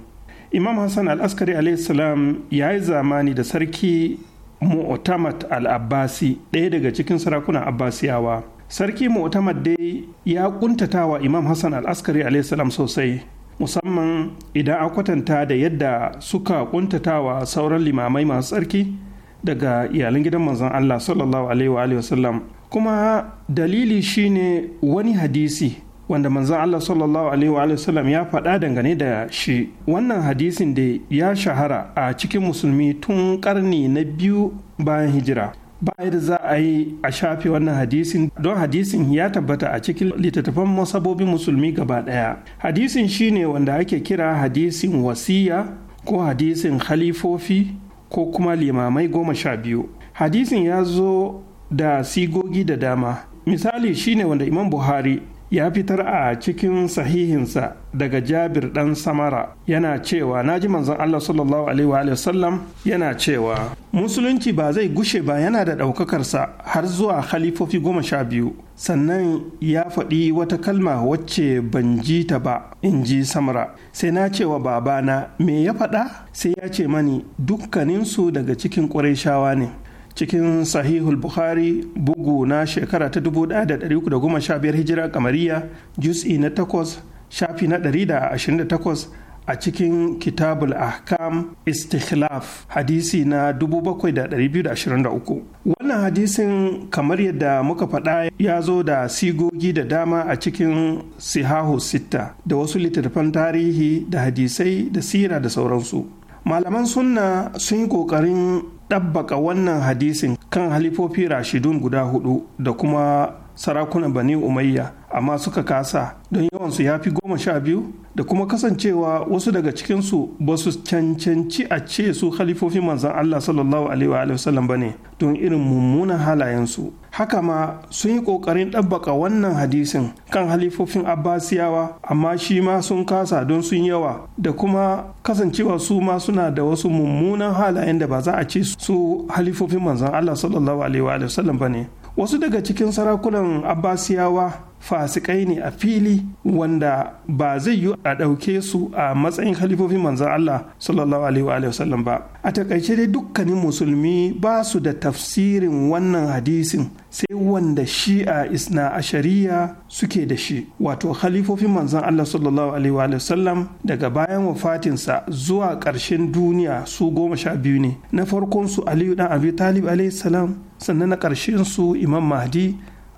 imam hassan al-askari salam ya yi zamani da sarki mu'tamat al-abbasi ɗaya daga cikin sarakunan abbasiyawa sarki mu'tamat dai ya ƙuntatawa imam hassan al-askari salam sosai musamman idan a kwatanta da yadda suka ƙuntatawa sauran limamai masu tsarki daga iyalan gidan manzon Allah sallallahu alaihi sallam, kuma dalili shine wani hadisi wanda manzon Allah sallallahu alaihi sallam ya faɗa dangane da shi wannan hadisin da ya shahara a cikin musulmi tun karni na biyu bayan hijira ba da za a yi a shafe wannan hadisin don hadisin ya tabbata a cikin littattafan masabobin musulmi gaba ɗaya hadisin shine wanda ake kira hadisin wasiya ko hadisin khalifofi ko kuma limamai goma sha biyu hadisin ya zo da sigogi da dama misali shine wanda imam buhari ya fitar a cikin sahihinsa daga jabir ɗan samara yana cewa na ji manzon Allah sallallahu alaihi wa sallam yana cewa musulunci ba zai gushe ba yana da ɗaukakarsa har zuwa khalifofi goma sha biyu sannan ya faɗi wata kalma wacce ban ji ta ba in ji samara sai na cewa babana me ya faɗa sai ya ce mani dukkaninsu daga cikin ƙwarai ne cikin sahihul bukhari bugu na shekara ta 1315 hijira kamariya jus'i na 8 shafi na 128 a cikin kitabul ahkam istikhlaf hadisi na 7223 wannan hadisin kamar yadda muka faɗa ya zo da sigogi da dama a cikin sihahu sitta da wasu littattafan tarihi da hadisai da sira da sauransu malaman sunna sun yi ƙoƙarin ɗabbaka wannan hadisin kan halifofi rashidun guda hudu da kuma sarakunan bani umayya amma suka kasa don yawansu ya fi goma sha biyu da kuma kasancewa wasu daga cikinsu ba su cancanci a ce su halifofin manzan Allah sallallahu alaihi wasallam ba ne don irin mummunan halayensu haka ma sun yi ƙoƙarin ɗabbaka wannan hadisin kan halifofin abbasiyawa amma shi ma sun kasa don sun yawa da kuma kasancewa su ma suna da wasu mummunan halayen da ba za a ce su halifofin manzan Allah sallallahu alaihi wasallam ba ne wasu daga cikin sarakunan abbasiyawa fasikai ne a fili wanda ba zai yi a ɗauke su a matsayin halifofin manzan Allah sallallahu alaihi wa sallam ba a takaice dai dukkanin musulmi ba su da tafsirin wannan hadisin sai wanda shi'a isna a shari'a suke da shi wato halifofin manzan Allah sallallahu alaihi wa sallam daga bayan wafatinsa zuwa ƙarshen duniya su goma sha biyu ne na farkon su Aliyu dan Abi Talib alaihi sannan na ƙarshen su Imam Mahdi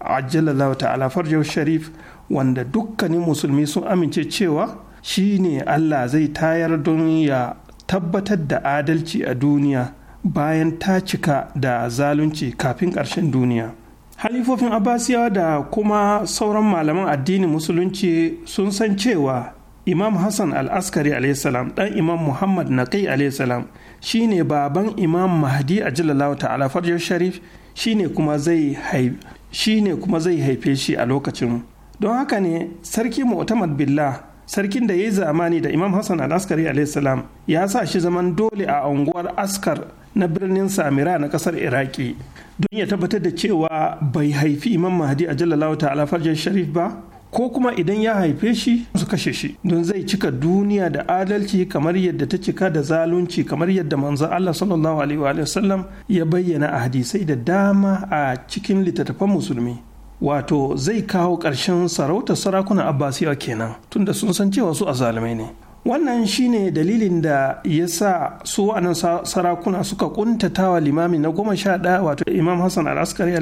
ajjalallahu ta'ala farjau sharif wanda dukkanin musulmi sun amince cewa shi ne allah zai tayar don ya tabbatar da adalci a duniya bayan ta cika da zalunci kafin ƙarshen duniya halifofin abbasiyawa da kuma sauran malaman addinin musulunci sun san cewa imam hassan al-askari alaihissalam dan imam muhammad naqi shi ne baban imam mahdi a ta'ala farjar sharif ne kuma zai haifi. shi ne kuma zai haife shi a lokacin don haka ne sarki mu'tamad billah sarkin da ya yi zamani da imam hassan al-askari alaihissalam ya sa shi zaman dole a unguwar askar na birnin samira na kasar iraki don ya tabbatar da cewa bai haifi imam mahdi a jallalawa ta'ala farjar sharif ba ko kuma idan ya haife shi su kashe shi don zai cika duniya da adalci kamar yadda ta cika da zalunci kamar yadda manzan Allah sallallahu alaihi wa sallam ya bayyana a hadisai da dama a cikin littattafan musulmi wato zai kawo ƙarshen sarautar sarakunan abbasiya kenan tunda sun san cewa su azalumai ne wannan shine dalilin da ya sa su wa'annan sarakuna suka kuntatawa limami na goma sha ɗaya wato imam hassan al-askari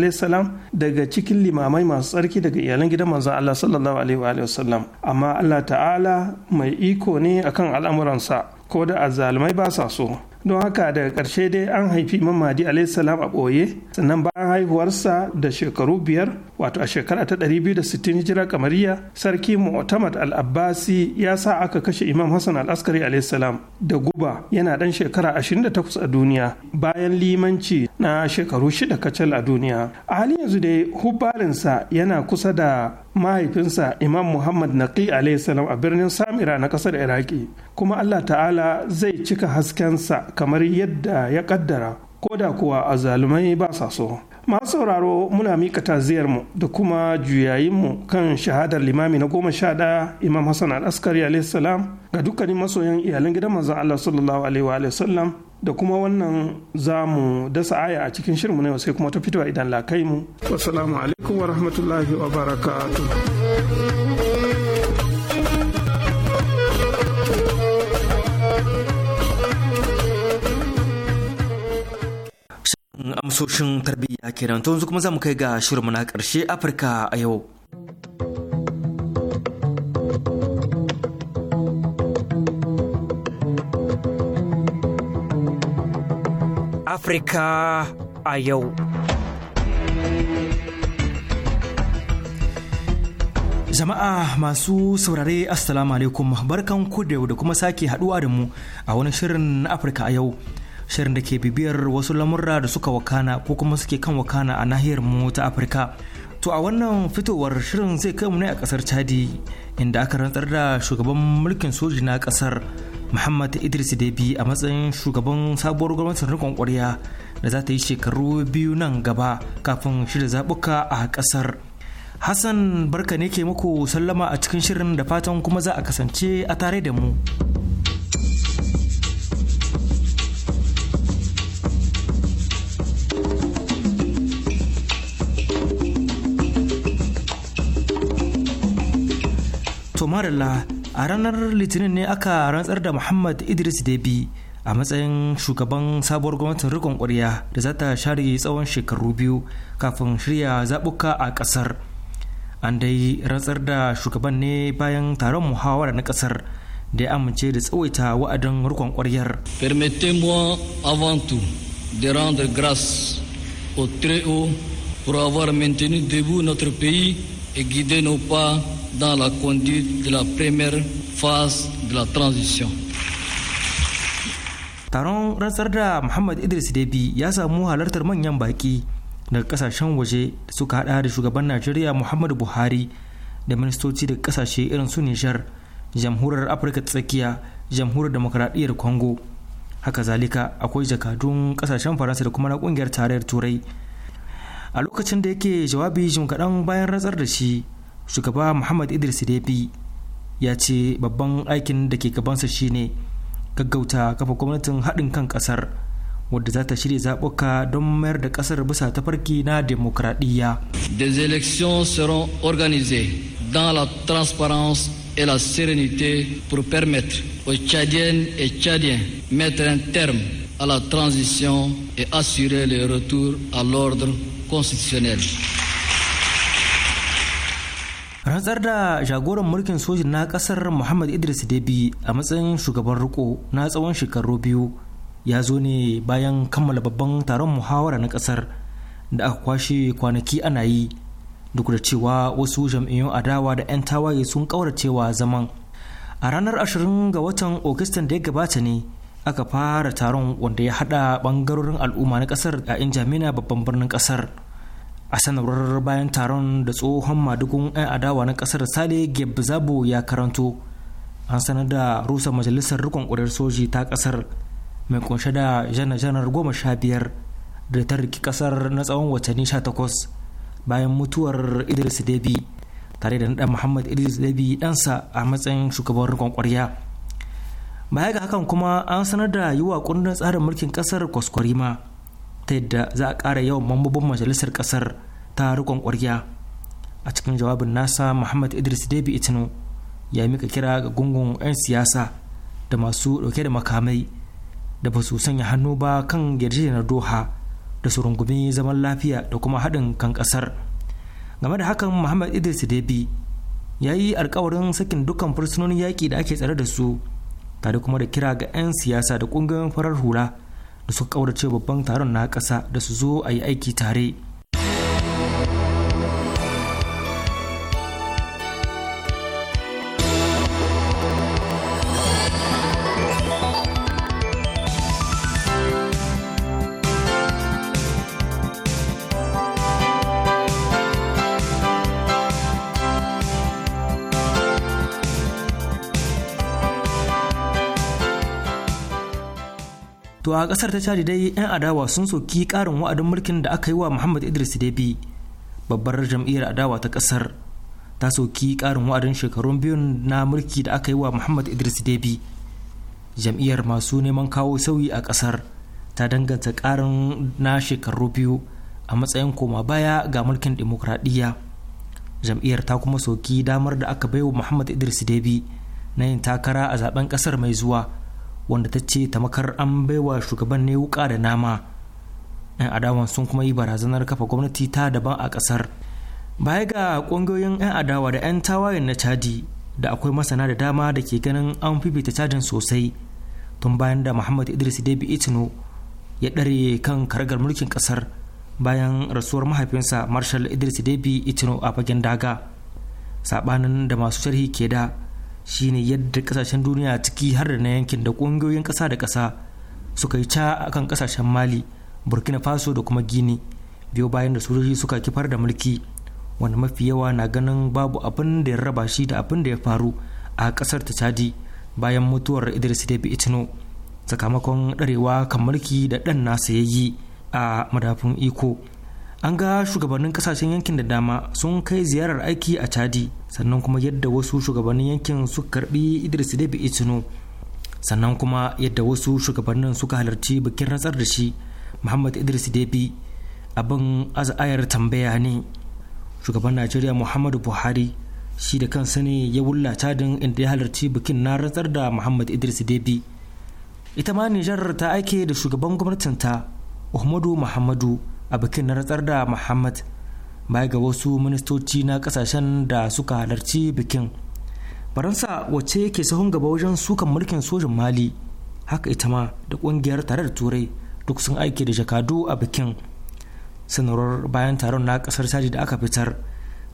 daga cikin limamai masu tsarki daga iyalan gidan manzo allah sallallahu alaihi wa sallam amma allah ta'ala mai iko ne akan al'amuransa ko da azzalumai ba sa so don haka daga ƙarshe dai an haifi imam mahdi salam a ɓoye sannan bayan haihuwarsa da shekaru biyar wato a shekara ta 260 hijira kamariya sarki mu'tamad al-abbasi ya sa aka kashe imam hassan al-askari salam da guba yana ɗan shekara 28 a duniya bayan limanci na shekaru shida kacal a duniya a halin yanzu dai hubbarinsa yana kusa da mahaifinsa imam muhammad naqi salam a birnin samira na kasar iraki kuma allah ta'ala zai cika haskensa kamar yadda ya kaddara ko da kuwa a zalumai ba sa so masu sauraro muna mika taziyarmu da kuma juyayinmu kan shahadar limami na goma sha ɗaya imam hassan al-askari salam ga dukkanin masoyan iyalan gidan manzon allah sallallahu alaihi wa sallam da kuma wannan za mu dasa aya a cikin shirinmu na yau sai kuma ta fitowa idan la kai mu wassalamu alaikum wa rahmatullahi wa barakatuh amsoshin tarbiyya kenan to yanzu kuma za mu kai ga shirinmu na karshe afirka a yau Afrika a yau. Jama'a masu saurare Assalamu alaikum barkan ku da da kuma sake haduwa da mu a wani shirin na Afirka a yau. Shirin da ke bibiyar wasu lamurra da suka wakana ko kuma suke kan wakana a nahiyar mu ta Afirka. To a wannan fitowar shirin zai kai mu ne a kasar Chadi inda aka rantsar da shugaban mulkin soji na kasar muhammad idris debi a matsayin shugaban sabuwar gwamnatin rikon kwarya da za ta yi shekaru biyu nan gaba kafin shirya zaɓuka a ƙasar hassan barka ne ke muku sallama a cikin shirin da fatan kuma za a kasance a tare da mu tomarla a ranar litinin ne aka rantsar da muhammad idris debi a matsayin shugaban sabuwar gwamnatin rikon kwarya da za ta share tsawon shekaru biyu kafin shirya zaɓuka a ƙasar an dai rantsar da shugaban ne bayan taron muhawara na ƙasar da ya amince da tsawaita wa'adin rikon kwaryar de rendre grâce au très haut pour avoir maintenu debout notre pays et guider nos pas dans la conduite de la première phase de la transition. Taron rantsar da Muhammad Idris Debi ya samu halartar manyan baki daga kasashen waje da suka hada da shugaban Najeriya Muhammadu Buhari da ministoci daga kasashe irin su Nijar, Jamhuriyar Afirka Tsakiya, Jamhuriyar Demokradiyyar Congo. Haka zalika akwai jakadun kasashen Faransa da kuma na kungiyar tarayyar Turai. a lokacin da yake jawabi jim kaɗan bayan ratsar da shi shugaba muhammad idris debi ya ce babban aikin da ke gabansa shine gaggauta kafa gwamnatin haɗin kan ƙasar wadda za ta shirya zaɓuka don mayar da ƙasar bisa farki na demokradiyya. des élections seront organisées dans la transparence et la sérénité pour permettre aux tchadiennes et tchadiens mettre un terme à la transition et assurer le retour à l'ordre constitutionnel. rantsar da jagoran mulkin sojin na kasar muhammad idris debi a matsayin shugaban riko na tsawon shekaru biyu ya zo ne bayan kammala babban taron muhawara na kasar da aka kwashe kwanaki ana yi duk da cewa wasu jam'iyyun adawa da 'yan tawaye sun kauracewa zaman a ranar 20 ga watan ogistan da ya gabata ne aka fara taron wanda ya hada bangarorin al'umma na kasar a injamina babban birnin kasar a sanarwar bayan taron da tsohon madugun 'yan adawa na kasar sale gebzabo ya karanto an sanar da rusa majalisar rikon ƙurar soji ta kasar mai kunshe da janar-janar goma sha biyar da ta riki kasar na tsawon watanni sha takwas bayan mutuwar idris debi tare da naɗa muhammad idris debi ɗansa a matsayin shugaban rikon ƙwarya baya ga hakan kuma an sanar da yi wa kundin tsarin mulkin kasar kwaskwarima ta yadda za a kara yawan mambobin majalisar kasar ta rikon kwarya a cikin jawabin nasa muhammad idris debi itinu ya mika kira ga gungun 'yan siyasa da masu ɗauke da makamai da ba su sanya hannu ba kan yarjejeniyar doha da su rungumi zaman lafiya da kuma haɗin kan ƙasar game da hakan muhammad idris debi ya yi alkawarin sakin dukkan fursunonin yaƙi da ake tsare da su tare kuma da kira ga 'yan siyasa da ƙungiyoyin farar hula da suka ƙaurace babban taron na ƙasa da su zo a yi aiki tare. a kasar ta cadi dai 'yan adawa sun soki ƙarin wa'adin mulkin da aka yi wa muhammad idris debi babbar jam'iyyar adawa ta ƙasar ta soki karin wa'adin shekarun biyun na mulki da aka yi wa muhammad idris debi jam'iyyar masu neman kawo sauyi a ƙasar ta danganta karin na shekaru biyu a matsayin koma baya ga mulkin demokradiyya jam'iyyar ta kuma soki damar da aka baiwa muhammad idris debi na yin takara a zaben ƙasar mai zuwa wanda ta ce tamakar an baiwa shugaban ne wuka da nama 'yan adawan sun kuma yi barazanar kafa gwamnati ta daban a kasar baya ga ƙungiyoyin 'yan adawa da 'yan tawayen na chadi da akwai masana da dama da ke ganin an fifita chadin sosai tun bayan da muhammad idris debi itino ya dare kan karagar mulkin kasar bayan rasuwar mahaifinsa marshal idris debi itino a fagen daga sabanin da masu sharhi ke da shine yadda kasashen duniya ciki har da na yankin da ƙungiyoyin ƙasa da ƙasa suka yi ca akan kan ƙasashen mali burkina faso da kuma gini biyo bayan da sojoji suka kifar da mulki wanda mafi yawa na ganin babu abin da ya raba shi da abin da ya faru a ƙasar ta chadi bayan mutuwar idris debi itino sakamakon ɗarewa kan mulki da ɗan nasa ya a madafin iko an ga shugabannin kasashen yankin da dama sun kai ziyarar aiki a chadi sannan kuma yadda wasu shugabannin yankin suka karbi idris debi itino sannan kuma yadda wasu shugabannin suka halarci bikin rantsar da shi muhammad idris debi abin aza'ayar tambaya ne shugaban najeriya muhammadu buhari shi da kansa ne ya wulla cadin inda ya halarci bikin na rantsar da muhammad idris debi ita ma nijar ta aike da shugaban gwamnatinta ohmadu muhammadu a bikin na ratsar da muhammad baya ga wasu ministoci na kasashen da suka halarci bikin faransa wacce yake sahun gaba wajen sukan mulkin sojin mali haka ita ma da kungiyar tarar turai duk sun aiki da jakadu a bikin sanarwar bayan taron na kasar saji da aka fitar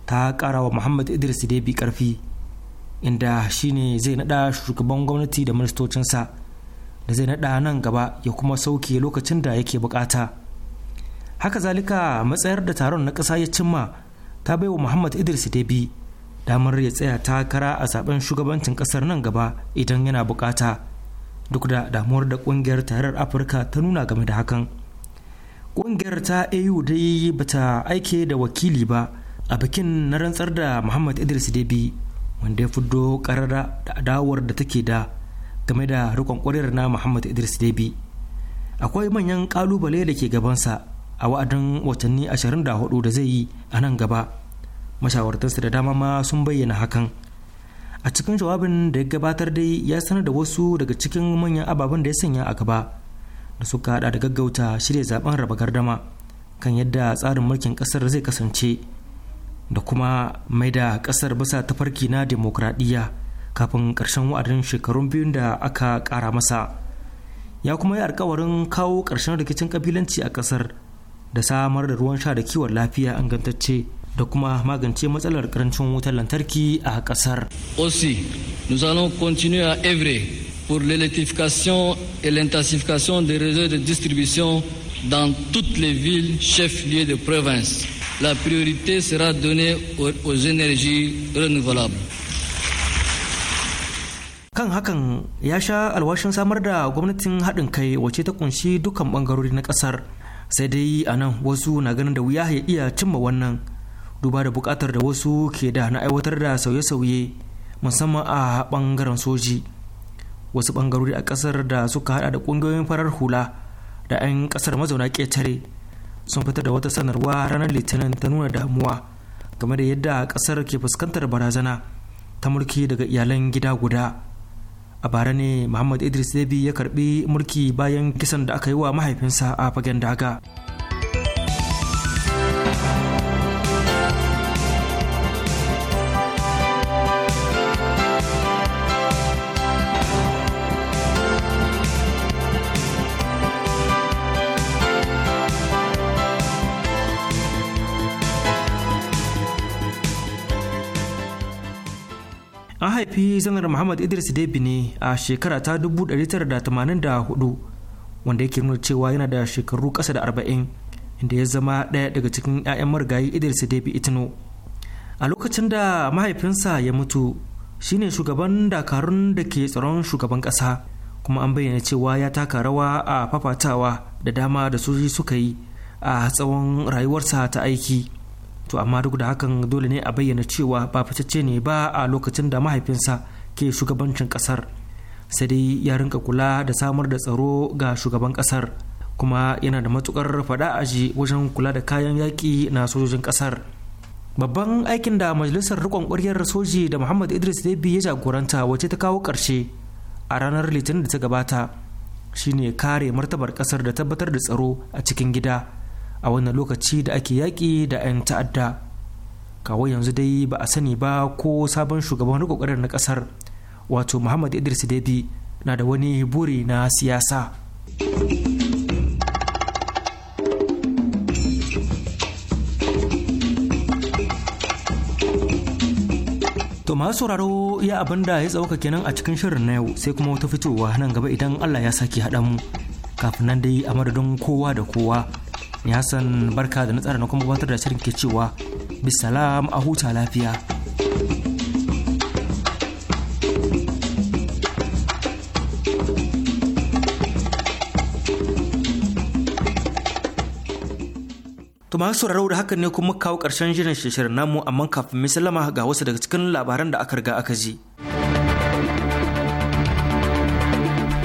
ta kara wa muhammad idris debi karfi inda shine zai nada shugaban gwamnati da ministocinsa da zai nada nan gaba ya kuma sauke lokacin da yake bukata. haka zalika matsayar da taron na ƙasa ya cimma ta baiwa muhammad idris debi damar ya tsaya takara a zaben shugabancin ƙasar nan gaba idan yana bukata duk da damuwar da ƙungiyar tarar afirka ta nuna game da hakan ƙungiyar ta au dai bata aike da wakili ba a bikin na rantsar da muhammad idris debi wanda ya fiddo karara da adawar da take da game da rikon na muhammad idris debi akwai manyan ƙalubale da ke gabansa a wa'adin watanni 24 da zai yi a nan gaba mashawartarsa da dama ma sun bayyana hakan a cikin jawabin da ya gabatar dai ya sanar da wasu daga cikin manyan ababen da ya sanya a gaba da suka hada da gaggauta shirya zaben raba gardama kan yadda tsarin mulkin kasar zai kasance da kuma mai da kasar ta farki na demokradiyya kafin karshen wa'adin shekarun biyun da aka kara masa ya kuma yi alkawarin kawo karshen rikicin kabilanci a kasar da samar da ruwan sha da kiwon lafiya ingantacce da kuma magance matsalar karancin wutar lantarki a kasar. Aussi, nous allons continuer à œuvrer pour l'électrification et l'intensification des réseaux de distribution dans toutes les villes chefs-lieux de province. La priorité sera donnée aux, énergies renouvelables. kan hakan ya sha alwashin samar da gwamnatin haɗin kai wace ta kunshi dukkan ɓangarori na ƙasar sai dai a nan wasu na ganin da wuya ya iya cimma wannan duba da bukatar da wasu ke da na aiwatar da sauye-sauye musamman a bangaren soji wasu bangarori a kasar da suka hada da kungiyoyin farar hula da 'yan kasar mazauna ketare sun fitar da wata sanarwa ranar litinin ta nuna damuwa game da yadda kasar ke fuskantar barazana ta mulki daga iyalan gida guda a bara ne muhammad idris debi ya karbi mulki bayan kisan da aka yi wa mahaifinsa a fagen daga mahaifi zanar muhammad idris debi ne a shekara ta 1984 wanda yake nuna cewa yana da shekaru ƙasa da 40 inda ya zama ɗaya daga cikin 'ya'yan marigayi idris debi itino a lokacin da mahaifinsa ya mutu shine shugaban dakarun da ke tsaron shugaban ƙasa kuma an bayyana cewa ya taka rawa a fafatawa da dama da soji suka yi a tsawon rayuwarsa ta aiki to amma duk da hakan dole ne a bayyana cewa ba fitacce ne ba a lokacin da mahaifinsa ke shugabancin kasar sai dai ya rinka kula da samar da tsaro ga shugaban kasar kuma yana da matukar fada a ji wajen kula da kayan yaƙi na sojojin kasar babban aikin da majalisar rikon ƙwaryar soji da muhammad idris debi ya jagoranta wace ta kawo ƙarshe a ranar litinin da ta gabata shine kare martabar kasar da tabbatar da tsaro a cikin gida a wannan lokaci da ake yaƙi da 'yan ta'adda kawo yanzu dai ba a sani ba ko sabon shugaban rikokarar na ƙasar wato muhammad idris debi na da wani buri na siyasa To masu sauraro ya abin da ya tsawaka kenan a cikin shirin na yau sai kuma wata fitowa nan gaba idan Allah ya sake haɗa mu kafin nan dai a madadin kowa da kowa ni san barka da natsara na kuma gabatar da shirin ke cewa bisalam a huta lafiya To masu sauraro da hakan ne kuma kawo karshen jiran shirin namu amma kafin mai sallama ga wasu daga cikin labaran da aka riga aka ji.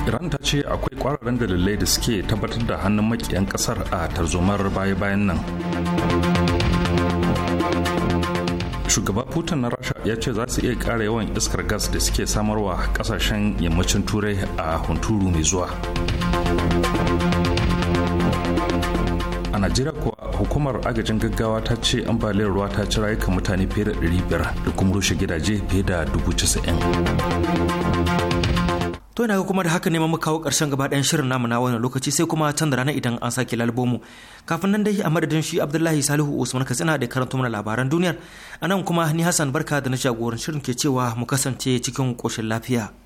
iran ta ce akwai kwararren dalilai da suke tabbatar da hannun makiyan kasar a tarzomar baya-bayan nan shugaba putin na rasha ya ce za su iya kara yawan iskar gas da suke samarwa kasashen yammacin turai a hunturu mai zuwa a najeriya kuwa hukumar agajin gaggawa ta ce ambaliyar ruwa ta ci rayuka mutane fiye da 500 da kuma rushe gidaje fiye da 90 To ina ga kuma da haka ne mu kawo ƙarshen gaba ɗayan shirin namu na wannan lokaci sai kuma can da ranar idan an sake lalbomu. Kafin nan dai a madadin shi Abdullahi Salihu Usman Katsina da karanta mana labaran duniyar. A nan kuma ni Hassan Barka da na jagoran shirin ke cewa mu kasance cikin ƙoshin lafiya.